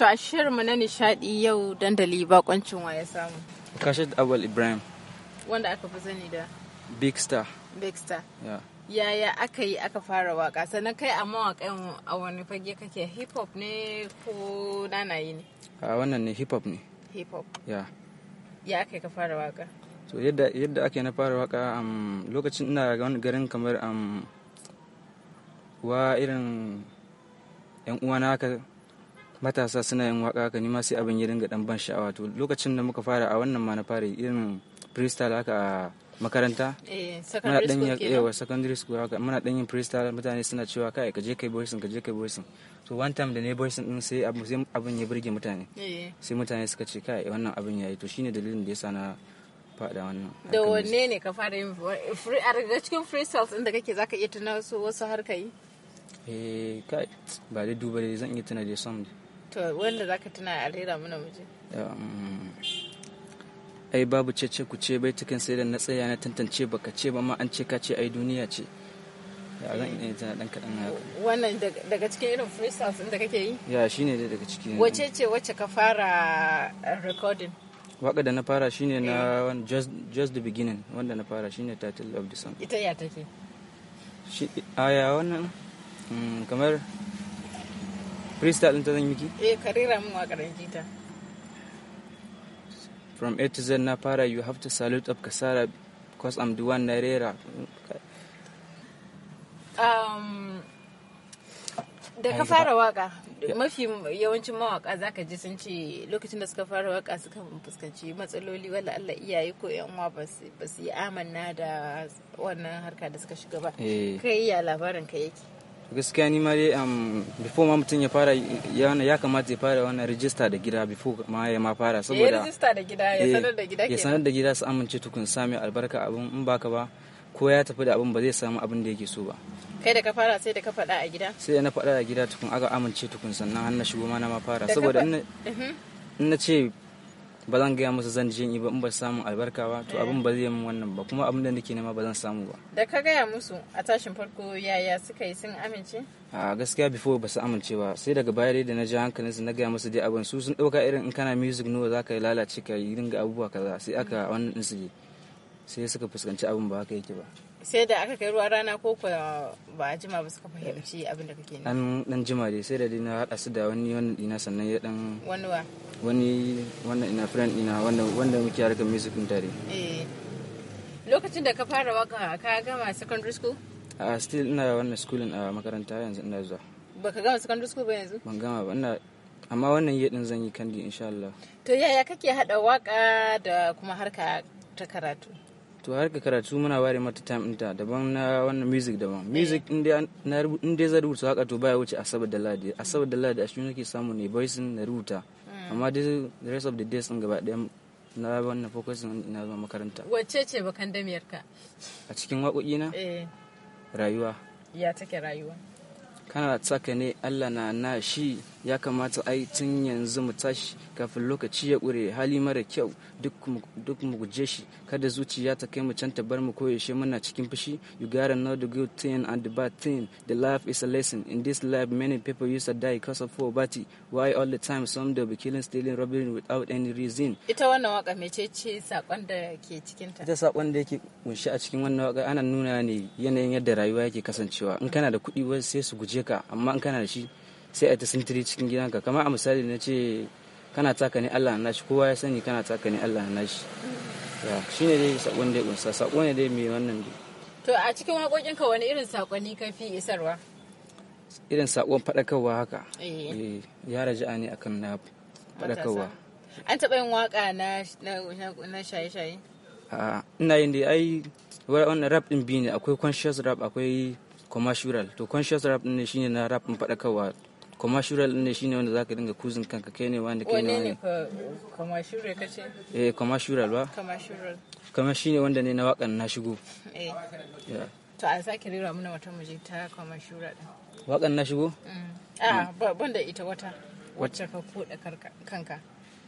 To a shirinmu na nishadi yau dandali bakoncin wa ya samu. Kashid Abul Ibrahim. Wanda aka fi sani da? Big Star. Big Star. ya Yaya aka yi aka fara waka sannan kai a mawaƙan a wani fage kake hip hop ne ko nanayi ne? A wannan ne hip hop ne. Hip hop. Ya. Ya aka yi ka fara waka? To yadda yadda ake na fara waka um, lokacin ina wani garin kamar um, wa irin 'yan uwana haka matasa suna yin waka haka nima sai abin ya dinga dan ban sha'awa to lokacin da muka fara a wannan ma na fara irin freestyle haka a makaranta eh, muna dan yin yawa secondary school haka muna dan yin freestyle mutane suna cewa kai ka je kai boys ka je kai boys to one time da ne boysin din sai abin ya burge mutane eh. sai mutane suka ce kai wannan abin yayi to shine dalilin da yasa na faɗa wannan da wanne ne ka fara yin a daga cikin freestyles din da kake zaka iya tuna wasu har eh kai ba da duba zan iya tuna dai some to wanda zaka tuna alhera mana muje um, ai babu cece ku ce bai cikin sai da na tsaya na tantance baka ce ba ma an ce ka ce ai duniya ce ya zan iya ta dan kaɗan na haka wannan daga cikin irin freestyles da kake yi ya shi ne daga cikin wace ce wacce ka fara recording waka da na fara shine na eh. just, the beginning wanda na fara shine title of the song ita ya take shi aya wannan mm, kamar freestyle ɗin ta zan miki? eh ka rera min waƙar jita from A to Z na fara you have to salute up Kasara because I'm the one na rera um, da ka fara waka mafi yawancin mawaka zaka ji sun ce lokacin da suka fara waka suka fuskanci matsaloli wala Allah iyaye ko yan uwa ba su yi amanna da wannan harka da suka shiga ba eh. kai ya labarin ka yake gaskiya ni ma dai um, before ma mutum ya fara ya kamata ya fara wannan rijista da gida before ma ya ma fara eh, saboda ya rijista da gida ya eh, sanar da gida ya sanar da gida su amince tukun sami albarka abun in baka ba ko ya tafi da abun ba zai samu abin da yake so ba kai da ka fara sai da ka fada a gida sai da na fada a gida tukun aka amince tukun sannan har na shigo ma na ma fara saboda mhm. in na ce ba zan gaya musu zan je ba in ba samun albarka ba to abin ba zai min wannan ba kuma abin da nake nema ba zan samu ba da ka gaya musu a tashin farko yaya suka yi sun amince a gaskiya before ba su amince ba sai daga baya dai da na ji hankalin su na gaya musu dai abin su sun dauka irin in kana music no za ka lalace ka yi dinga abubuwa kaza sai aka wannan din su sai suka fuskanci abin ba haka yake ba sai da aka kai ruwa rana ko ba a jima ba suka fahimci abin da kake an dan jima dai sai da dai na hada su da wani wannan dina sannan ya dan wani wa wani wannan ina friend ina wanda wanda muke harkar music din tare eh lokacin da ka fara waka ka gama secondary school a still ina wannan school a makaranta yanzu ina zuwa baka gama secondary school ba yanzu ban gama ba ina amma wannan din zan yi kandi insha Allah to yaya kake hada waka da kuma harka ta karatu to har ka karatu muna ware mata time ɗinta daban na wannan music daban music in dai zai rubuta haka to baya wuce asabar da ladi asabar da ladi a shi nake samu ne voicing na rubuta hmm. amma dai the rest of the days in gaba ɗaya na wannan focus na zama makaranta wacce ce bakan damiyar ka a cikin waƙoƙi na eh. rayuwa ya take rayuwa kana tsaka ne Allah na na shi ya kamata ai tun yanzu mu tashi kafin lokaci ya ƙure hali mara kyau duk mu guje shi kada zuciya ta kai mu can ta bar mu koyaushe muna cikin fushi you gotta know the good thing and the bad thing the life is a lesson in this life many people used to die because of poverty why all the time some they'll be killing stealing robbing without any reason ita wannan waka mecece sakon da ke cikin ta ita sakon da yake kunshi a cikin wannan waka ana nuna ne yanayin yadda rayuwa yake kasancewa in kana da kuɗi wasu sai su guje ka amma in kana da shi sai a ta sintiri cikin gidanka kamar a misali na ce kana taka ne Allah na shi kowa ya sani kana taka ne Allah na shi shi ne dai saƙon da ya kunsa sakon ne dai mai wannan dai to a cikin waƙoƙin ka wani irin sakonni ka fi isarwa irin saƙon faɗakarwa haka eh. Eh, ya raja'a ne akan na faɗakarwa an taɓa yin waƙa na shaye-shaye ina yin da ai wannan rap din biyu ne akwai conscious rap akwai commercial to conscious rap ne shine na rap faɗakarwa commercial ne shine wanda zaka dinga kuzin kanka kai ne wanda kai ne wani commercial kace eh commercial ba commercial kamar shine wanda ne na wakan na shigo eh to a sake rera mana wata muje ta commercial din wakan na shigo mm. ah, a banda ita wata wacce ka koda kanka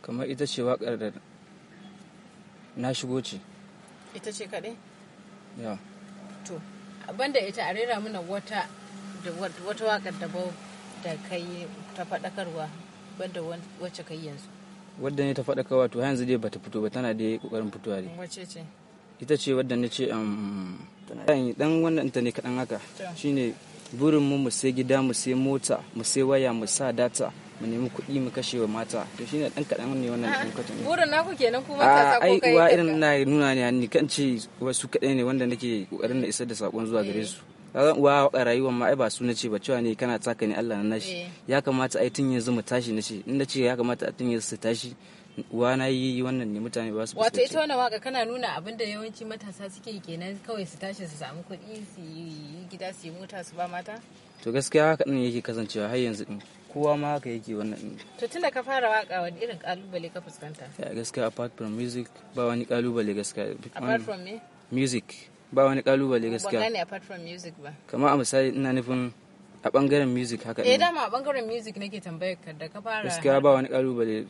kamar ita ce wakar da na shigo ce ita ce kaɗai? ya to banda ita a rera mana wata wata wakar da bau da kai ta faɗakarwa wadda wacce kai yanzu wadda ne ta faɗakarwa to yanzu dai bata fito ba tana dai kokarin fitowa dai wacce ce ita ce wadda na ce um, dan wannan ta ne kaɗan haka shine burin mu mu sai gida mu sai mota mu sai waya mu sa data mu nemi kuɗi mu kashe wa mata to shine dan kaɗan ne wannan dan ah, katon burin naku kenan kuma ka sako kai ah, ai irin na nuna ne ni kan ce wasu kaɗai ne wanda nake kokarin na isar da sakon zuwa gare su kaga uwa a rayuwar ma ai ba su nace ba cewa ne kana taka ne Allah na nashi eh. ya kamata ai tun yanzu mu tashi nace in ce ya kamata a tun yanzu su tashi uwa na yi wannan ne mutane ba su wato ita wannan waka kana nuna abin da yawanci matasa suke kenan kawai su tashi su samu kuɗi su yi gida su yi mota su ba mata to gaskiya haka din yake kasancewa har yanzu din kowa ma haka yake wannan din to tunda ka fara waka wani irin kalubale ka fuskanta gaskiya apart from music ba wani kalubale gaskiya apart from me music ba wani kalubale gaskiya ba gane apart from music ba kamar a misali ina nufin a bangaren music haka eh dama a bangaren music nake tambayar ka da ka fara gaskiya ba wani kalubale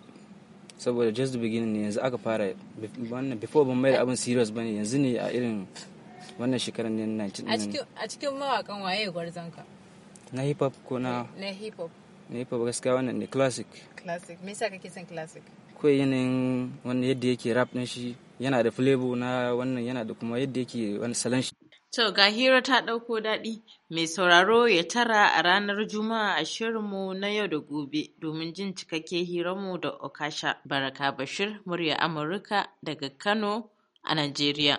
saboda just the beginning ne yanzu aka fara wannan before ban mai abin serious bane yanzu ne a irin wannan shekarar ne na a cikin mawakan waye gwarzanka na hip hop ko na na hip hop na hip hop gaskiya wannan ne classic classic me yasa kake son classic ko yanayin wannan yadda yake rap din shi yana da flavor na wannan yana da kuma yadda yake wani salon shi to ga hira ta ɗauko daɗi mai sauraro ya tara a ranar juma'a a shirinmu na yau da gobe domin jin cikakke mu da okasha baraka bashir murya amurka daga kano a najeriya